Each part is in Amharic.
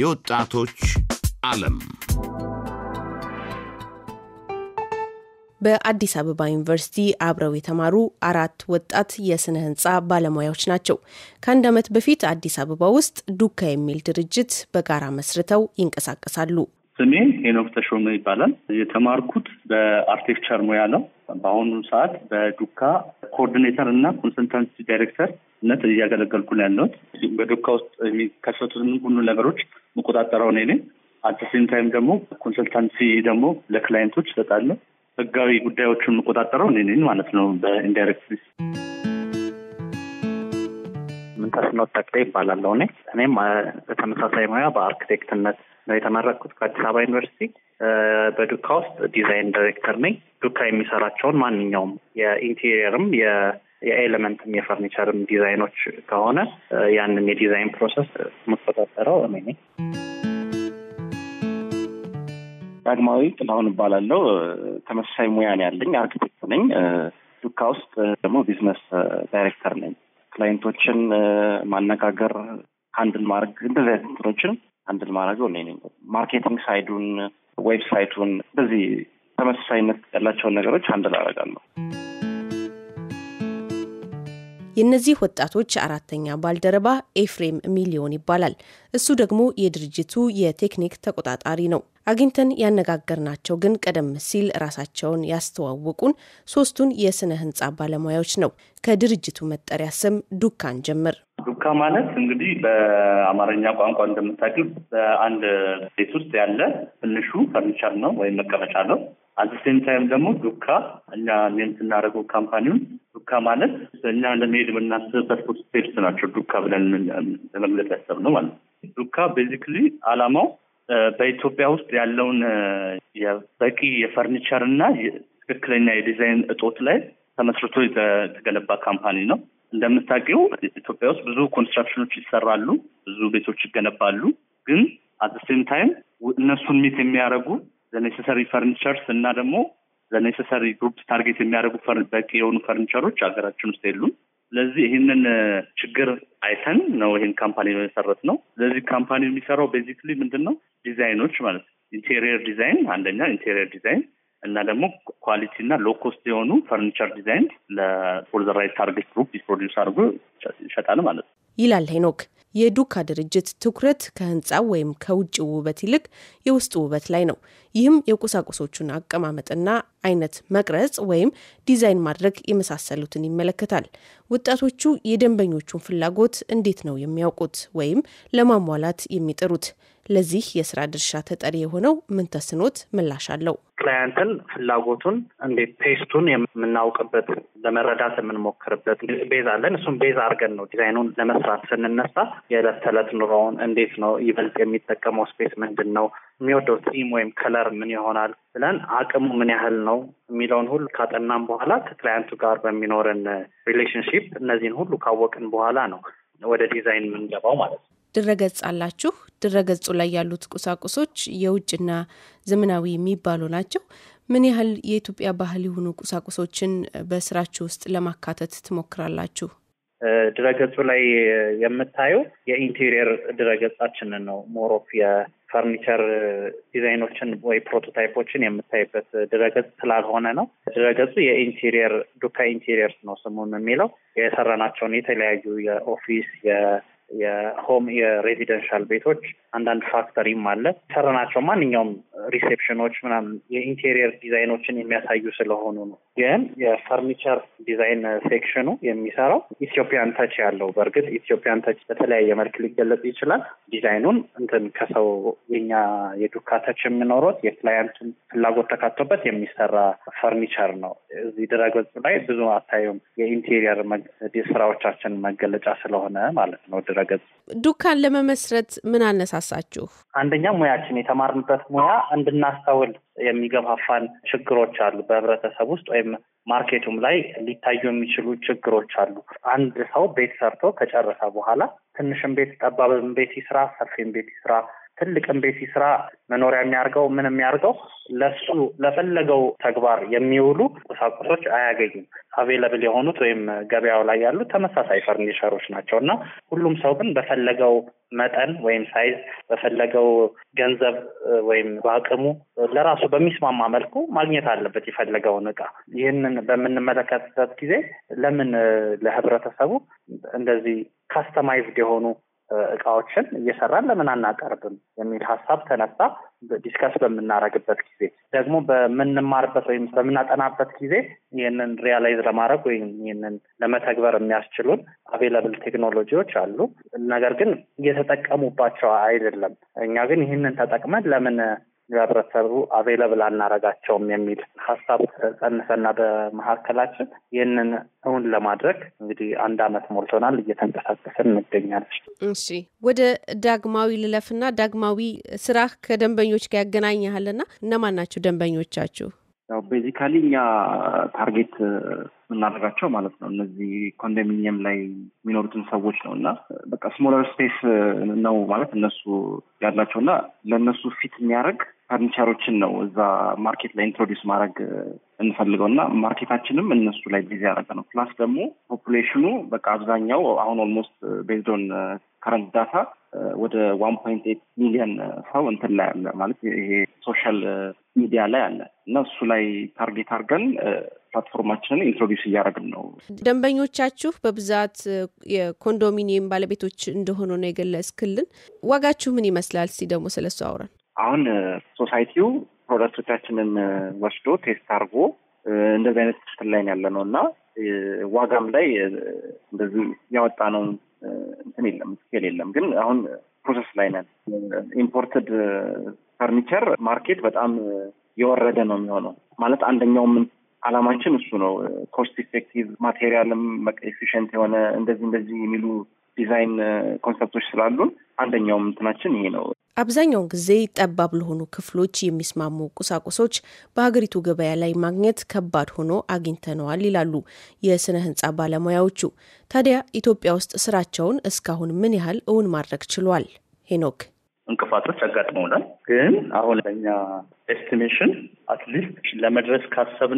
የወጣቶች ዓለም በአዲስ አበባ ዩኒቨርሲቲ አብረው የተማሩ አራት ወጣት የስነ ህንፃ ባለሙያዎች ናቸው። ከአንድ ዓመት በፊት አዲስ አበባ ውስጥ ዱካ የሚል ድርጅት በጋራ መስርተው ይንቀሳቀሳሉ። ስሜ ሄኖክ ተሾመ ይባላል። የተማርኩት በአርቴክቸር ሙያ ነው። በአሁኑ ሰዓት በዱካ ኮኦርዲኔተር እና ኮንሰልታንሲ ዳይሬክተር ነት እያገለገልኩ ነው ያለሁት። በዶካ ውስጥ የሚከሰቱትን ሁሉ ነገሮች መቆጣጠረው እኔ ኔ አትሴም ታይም ደግሞ ኮንሰልታንሲ ደግሞ ለክላይንቶች እሰጣለሁ። ህጋዊ ጉዳዮቹን መቆጣጠረው እኔ ማለት ነው በኢንዳይሬክት ምንተስኖት ጠቅጠ ይባላለሁ። እኔ እኔም በተመሳሳይ ሙያ በአርክቴክትነት ነው የተመረቅኩት ከአዲስ አበባ ዩኒቨርሲቲ። በዱካ ውስጥ ዲዛይን ዳይሬክተር ነኝ። ዱካ የሚሰራቸውን ማንኛውም የኢንቴሪየርም የኤሌመንትም የፈርኒቸርም ዲዛይኖች ከሆነ ያንን የዲዛይን ፕሮሰስ የምቆጣጠረው እኔ ነኝ። ዳግማዊ ጥላሁን እባላለሁ። ተመሳሳይ ሙያ ነው ያለኝ፣ አርክቴክት ነኝ። ዱካ ውስጥ ደግሞ ቢዝነስ ዳይሬክተር ነኝ። ክላይንቶችን ማነጋገር፣ ሀንድል ማድረግ እንደዚህ አይነት እንትኖችን ሀንድል ማድረገው እኔ ነኝ። ማርኬቲንግ ሳይዱን፣ ዌብሳይቱን እንደዚህ ተመሳሳይነት ያላቸውን ነገሮች ሀንድል አደርጋለሁ። የእነዚህ ወጣቶች አራተኛ ባልደረባ ኤፍሬም ሚሊዮን ይባላል። እሱ ደግሞ የድርጅቱ የቴክኒክ ተቆጣጣሪ ነው። አግኝተን ያነጋገርናቸው ግን ቀደም ሲል ራሳቸውን ያስተዋወቁን ሶስቱን የስነ ህንጻ ባለሙያዎች ነው። ከድርጅቱ መጠሪያ ስም ዱካን ጀምር። ዱካ ማለት እንግዲህ በአማርኛ ቋንቋ እንደምታውቂው በአንድ ቤት ውስጥ ያለ ትንሹ ፈርኒቸር ነው ወይም መቀመጫ ነው። አት ሴም ታይም ደግሞ ዱካ እኛ ኔም ካምፓኒውን ዱካ ማለት እኛ ለመሄድ የምናስብበት ስቴፕስ ናቸው። ዱካ ብለን ለመግለጽ ያሰብነው ማለት ነው። ዱካ ቤዚክሊ አላማው በኢትዮጵያ ውስጥ ያለውን በቂ የፈርኒቸር እና ትክክለኛ የዲዛይን እጦት ላይ ተመስርቶ የተገነባ ካምፓኒ ነው። እንደምታውቂው ኢትዮጵያ ውስጥ ብዙ ኮንስትራክሽኖች ይሰራሉ፣ ብዙ ቤቶች ይገነባሉ። ግን አት ሴም ታይም እነሱን ሚት የሚያደርጉ ኔሴሰሪ ፈርኒቸርስ እና ደግሞ ለኔሴሰሪ ግሩፕ ታርጌት የሚያደርጉ በቂ የሆኑ ፈርኒቸሮች ሀገራችን ውስጥ የሉም። ስለዚህ ይህንን ችግር አይተን ነው ይህን ካምፓኒ የመሰረት ነው። ስለዚህ ካምፓኒ የሚሰራው ቤዚክሊ ምንድን ነው ዲዛይኖች ማለት ነው። ኢንቴሪየር ዲዛይን አንደኛ ኢንቴሪየር ዲዛይን እና ደግሞ ኳሊቲ እና ሎ ኮስት የሆኑ ፈርኒቸር ዲዛይን ለፎር ዘ ራይት ታርጌት ግሩፕ ፕሮዲውስ አድርጎ ይሸጣል ማለት ነው። ይላል ሄኖክ። የዱካ ድርጅት ትኩረት ከህንፃ ወይም ከውጭ ውበት ይልቅ የውስጥ ውበት ላይ ነው። ይህም የቁሳቁሶቹን አቀማመጥና አይነት መቅረጽ ወይም ዲዛይን ማድረግ የመሳሰሉትን ይመለከታል። ወጣቶቹ የደንበኞቹን ፍላጎት እንዴት ነው የሚያውቁት ወይም ለማሟላት የሚጥሩት? ለዚህ የስራ ድርሻ ተጠሪ የሆነው ምንተስኖት ምላሽ አለው። ክላያንትን ፍላጎቱን እንዴት ቴስቱን የምናውቅበት ለመረዳት የምንሞክርበት ቤዝ አለን። እሱም ቤዝ አድርገን ነው ዲዛይኑን ለመስራት ስንነሳ የዕለት ተዕለት ኑሮውን እንዴት ነው ይበልጥ የሚጠቀመው ስፔስ ምንድን ነው የሚወደው ቲም ወይም ከለር ምን ይሆናል ብለን አቅሙ ምን ያህል ነው የሚለውን ሁሉ ካጠናን በኋላ ከክላያንቱ ጋር በሚኖረን ሪሌሽንሺፕ እነዚህን ሁሉ ካወቅን በኋላ ነው ወደ ዲዛይን የምንገባው ማለት ነው። ድረገጽ አላችሁ። ድረገጹ ላይ ያሉት ቁሳቁሶች የውጭና ዘመናዊ የሚባሉ ናቸው። ምን ያህል የኢትዮጵያ ባህል የሆኑ ቁሳቁሶችን በስራችሁ ውስጥ ለማካተት ትሞክራላችሁ? ድረገጹ ላይ የምታየው የኢንቴሪየር ድረገጻችንን ነው። ሞሮፍ የፈርኒቸር ዲዛይኖችን ወይ ፕሮቶታይፖችን የምታይበት ድረገጽ ስላልሆነ ነው። ድረገጹ የኢንቴሪየር ዱካ ኢንቴሪየርስ ነው ስሙም የሚለው የሰራናቸውን የተለያዩ የኦፊስ የሆም የሬዚደንሻል ቤቶች አንዳንድ ፋክተሪም አለ ሰራናቸው ማንኛውም ሪሴፕሽኖች ምናምን የኢንቴሪየር ዲዛይኖችን የሚያሳዩ ስለሆኑ ነው። ግን የፈርኒቸር ዲዛይን ሴክሽኑ የሚሰራው ኢትዮጵያን ተች ያለው በእርግጥ ኢትዮጵያን ተች በተለያየ መልክ ሊገለጽ ይችላል። ዲዛይኑን እንትን ከሰው የኛ የዱካ ተች የሚኖረት የክላያንቱን ፍላጎት ተካቶበት የሚሰራ ፈርኒቸር ነው። እዚህ ድረገጹ ላይ ብዙ አታዩም። የኢንቴሪየር ስራዎቻችን መገለጫ ስለሆነ ማለት ነው ድረገጽ ዱካን ለመመስረት ምን አነሳ ካነሳሳችሁ? አንደኛ ሙያችን የተማርንበት ሙያ እንድናስተውል የሚገፋፋን ችግሮች አሉ በህብረተሰብ ውስጥ ወይም ማርኬቱም ላይ ሊታዩ የሚችሉ ችግሮች አሉ። አንድ ሰው ቤት ሰርቶ ከጨረሰ በኋላ ትንሽም ቤት፣ ጠባብም ቤት ይስራ፣ ሰፊም ቤት ይስራ ትልቅ ቤት ስራ መኖሪያ የሚያርገው ምን የሚያርገው ለሱ ለፈለገው ተግባር የሚውሉ ቁሳቁሶች አያገኙም። አቬለብል የሆኑት ወይም ገበያው ላይ ያሉ ተመሳሳይ ፈርኒቸሮች ናቸው እና ሁሉም ሰው ግን በፈለገው መጠን ወይም ሳይዝ በፈለገው ገንዘብ ወይም በአቅሙ ለራሱ በሚስማማ መልኩ ማግኘት አለበት የፈለገውን እቃ። ይህንን በምንመለከትበት ጊዜ ለምን ለህብረተሰቡ እንደዚህ ካስተማይዝድ የሆኑ እቃዎችን እየሰራን ለምን አናቀርብም የሚል ሀሳብ ተነሳ። ዲስከስ በምናረግበት ጊዜ ደግሞ በምንማርበት ወይም በምናጠናበት ጊዜ ይህንን ሪያላይዝ ለማድረግ ወይም ይህንን ለመተግበር የሚያስችሉን አቬላብል ቴክኖሎጂዎች አሉ። ነገር ግን እየተጠቀሙባቸው አይደለም። እኛ ግን ይህንን ተጠቅመን ለምን ለህብረተሰቡ አቬለብል አናረጋቸውም የሚል ሀሳብ ጸንሰና በመካከላችን ይህንን እውን ለማድረግ እንግዲህ አንድ አመት ሞልቶናል፣ እየተንቀሳቀስን እንገኛለን። እሺ፣ ወደ ዳግማዊ ልለፍና ዳግማዊ ስራ ከደንበኞች ጋር ያገናኘሃልና እነማን ናቸው ደንበኞቻችሁ? ያው ቤዚካሊ እኛ ታርጌት የምናደርጋቸው ማለት ነው እነዚህ ኮንዶሚኒየም ላይ የሚኖሩትን ሰዎች ነው እና በቃ ስሞለር ስፔስ ነው ማለት እነሱ ያላቸው እና ለእነሱ ፊት የሚያደርግ ፈርኒቸሮችን ነው እዛ ማርኬት ላይ ኢንትሮዲስ ማድረግ እንፈልገው እና ማርኬታችንም እነሱ ላይ ጊዜ ያደረገ ነው። ፕላስ ደግሞ ፖፑሌሽኑ በቃ አብዛኛው አሁን ኦልሞስት ቤዝዶን ከረንት ዳታ ወደ ዋን ፖይንት ኤት ሚሊዮን ሰው እንትን ላይ አለ ማለት ይሄ ሶሻል ሚዲያ uh, ላይ አለ እና እሱ ላይ ታርጌት አድርገን ፕላትፎርማችንን uh, ኢንትሮዲውስ እያደረግን ነው። ደንበኞቻችሁ በብዛት uh, የኮንዶሚኒየም ባለቤቶች እንደሆኑ ነው የገለጽክልን። ዋጋችሁ ምን ይመስላል? እስኪ ደግሞ ስለሱ አውረን አሁን ሶሳይቲው ፕሮዳክቶቻችንን ወስዶ ቴስት አድርጎ እንደዚህ አይነት ክፍል ላይ ያለ ነው እና ዋጋም ላይ እንደዚህ ያወጣ ነው እንትን የለም ስኬል የለም። ግን አሁን ፕሮሰስ ላይ ነን። ኢምፖርትድ ፈርኒቸር ማርኬት በጣም የወረደ ነው የሚሆነው ማለት አንደኛውም አላማችን እሱ ነው። ኮስት ኢፌክቲቭ ማቴሪያልም ኤፊሽንት የሆነ እንደዚህ እንደዚህ የሚሉ ዲዛይን ኮንሰፕቶች ስላሉን አንደኛውም እንትናችን ይሄ ነው። አብዛኛውን ጊዜ ጠባብ ለሆኑ ክፍሎች የሚስማሙ ቁሳቁሶች በሀገሪቱ ገበያ ላይ ማግኘት ከባድ ሆኖ አግኝተነዋል ይላሉ የስነ ህንፃ ባለሙያዎቹ። ታዲያ ኢትዮጵያ ውስጥ ስራቸውን እስካሁን ምን ያህል እውን ማድረግ ችሏል? ሄኖክ እንቅፋቶች አጋጥመውናል፣ ግን አሁን ለኛ ኤስቲሜሽን አትሊስት ለመድረስ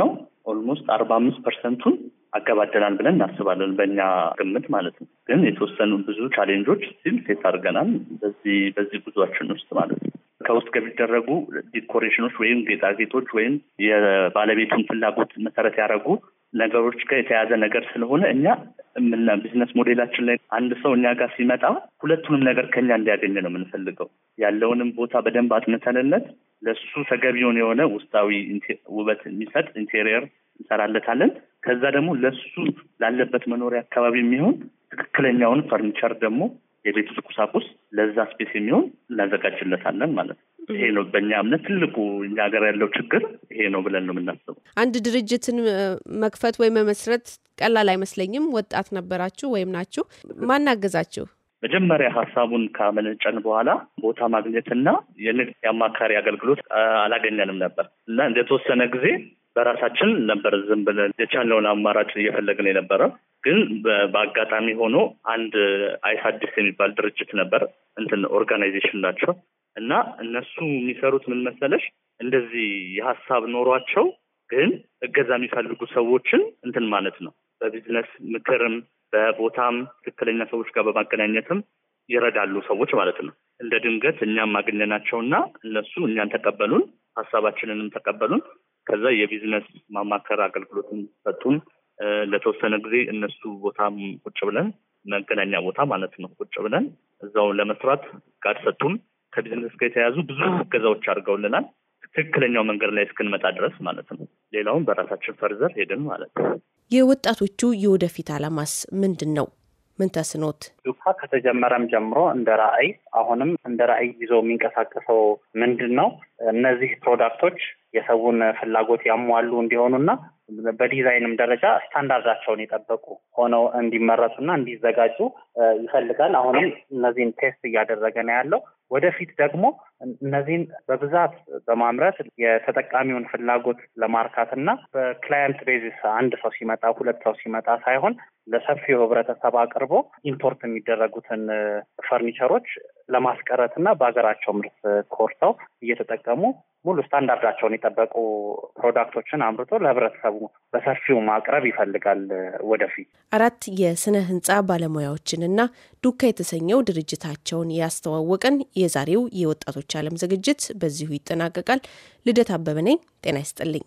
ነው ኦልሞስት አርባ አምስት ፐርሰንቱን አገባደናል ብለን እናስባለን። በእኛ ግምት ማለት ነው። ግን የተወሰኑ ብዙ ቻሌንጆች ስል ሴት አድርገናል በዚህ በዚህ ጉዟችን ውስጥ ማለት ነው። ከውስጥ ከሚደረጉ ዲኮሬሽኖች ወይም ጌጣጌጦች ወይም የባለቤቱን ፍላጎት መሰረት ያደረጉ ነገሮች ጋር የተያዘ ነገር ስለሆነ እኛ ምና ቢዝነስ ሞዴላችን ላይ አንድ ሰው እኛ ጋር ሲመጣ ሁለቱንም ነገር ከኛ እንዲያገኝ ነው የምንፈልገው። ያለውንም ቦታ በደንብ አጥንተንለት ለሱ ተገቢውን የሆነ ውስጣዊ ውበት የሚሰጥ ኢንቴሪየር እንሰራለታለን። ከዛ ደግሞ ለሱ ላለበት መኖሪያ አካባቢ የሚሆን ትክክለኛውን ፈርኒቸር ደግሞ የቤት ውስጥ ቁሳቁስ ለዛ ስፔስ የሚሆን እናዘጋጅለታለን ማለት ነው። ይሄ ነው በእኛ እምነት ትልቁ እኛ ሀገር ያለው ችግር ይሄ ነው ብለን ነው የምናስበው። አንድ ድርጅትን መክፈት ወይም መመስረት ቀላል አይመስለኝም። ወጣት ነበራችሁ ወይም ናችሁ። ማናገዛችሁ? መጀመሪያ ሀሳቡን ካመነጨን በኋላ ቦታ ማግኘትና የንግድ የአማካሪ አገልግሎት አላገኘንም ነበር እና እንደተወሰነ ጊዜ በራሳችን ነበር ዝም ብለን የቻለውን አማራጭ እየፈለግን የነበረ። ግን በአጋጣሚ ሆኖ አንድ አይሳዲስ የሚባል ድርጅት ነበር እንትን ኦርጋናይዜሽን ናቸው እና እነሱ የሚሰሩት ምን መሰለሽ እንደዚህ የሀሳብ ኖሯቸው ግን እገዛ የሚፈልጉ ሰዎችን እንትን ማለት ነው። በቢዝነስ ምክርም በቦታም ትክክለኛ ሰዎች ጋር በማገናኘትም ይረዳሉ ሰዎች ማለት ነው። እንደ ድንገት እኛም አገኘናቸውና እነሱ እኛን ተቀበሉን፣ ሀሳባችንንም ተቀበሉን። ከዛ የቢዝነስ ማማከር አገልግሎትን ሰጡን። ለተወሰነ ጊዜ እነሱ ቦታ ቁጭ ብለን መገናኛ ቦታ ማለት ነው ቁጭ ብለን እዛው ለመስራት ጋድ ሰጡን። ከቢዝነስ ጋር የተያያዙ ብዙ እገዛዎች አድርገውልናል። ትክክለኛው መንገድ ላይ እስክንመጣ ድረስ ማለት ነው። ሌላውን በራሳችን ፈርዘር ሄድን ማለት ነው። የወጣቶቹ የወደፊት አላማስ ምንድን ነው? ምን ተስኖት ዱካ ከተጀመረም ጀምሮ እንደ ራዕይ አሁንም እንደ ራዕይ ይዞ የሚንቀሳቀሰው ምንድን ነው? እነዚህ ፕሮዳክቶች የሰውን ፍላጎት ያሟሉ እንዲሆኑና በዲዛይንም ደረጃ ስታንዳርዳቸውን የጠበቁ ሆነው እንዲመረቱና እንዲዘጋጁ ይፈልጋል። አሁንም እነዚህን ቴስት እያደረገ ነው ያለው። ወደፊት ደግሞ እነዚህን በብዛት በማምረት የተጠቃሚውን ፍላጎት ለማርካት እና በክላየንት ቤዚስ አንድ ሰው ሲመጣ ሁለት ሰው ሲመጣ ሳይሆን ለሰፊው ህብረተሰብ አቅርቦ ኢምፖርት የሚደረጉትን ፈርኒቸሮች ለማስቀረት እና በሀገራቸው ምርት ኮርተው እየተጠቀሙ ሙሉ ስታንዳርዳቸውን የጠበቁ ፕሮዳክቶችን አምርቶ ለህብረተሰቡ በሰፊው ማቅረብ ይፈልጋል። ወደፊት አራት የስነ ህንፃ ባለሙያዎችን እና ዱካ የተሰኘው ድርጅታቸውን ያስተዋወቀን የዛሬው የወጣቶች ዓለም ዝግጅት በዚሁ ይጠናቀቃል። ልደት አበበ ነኝ። ጤና ይስጥልኝ።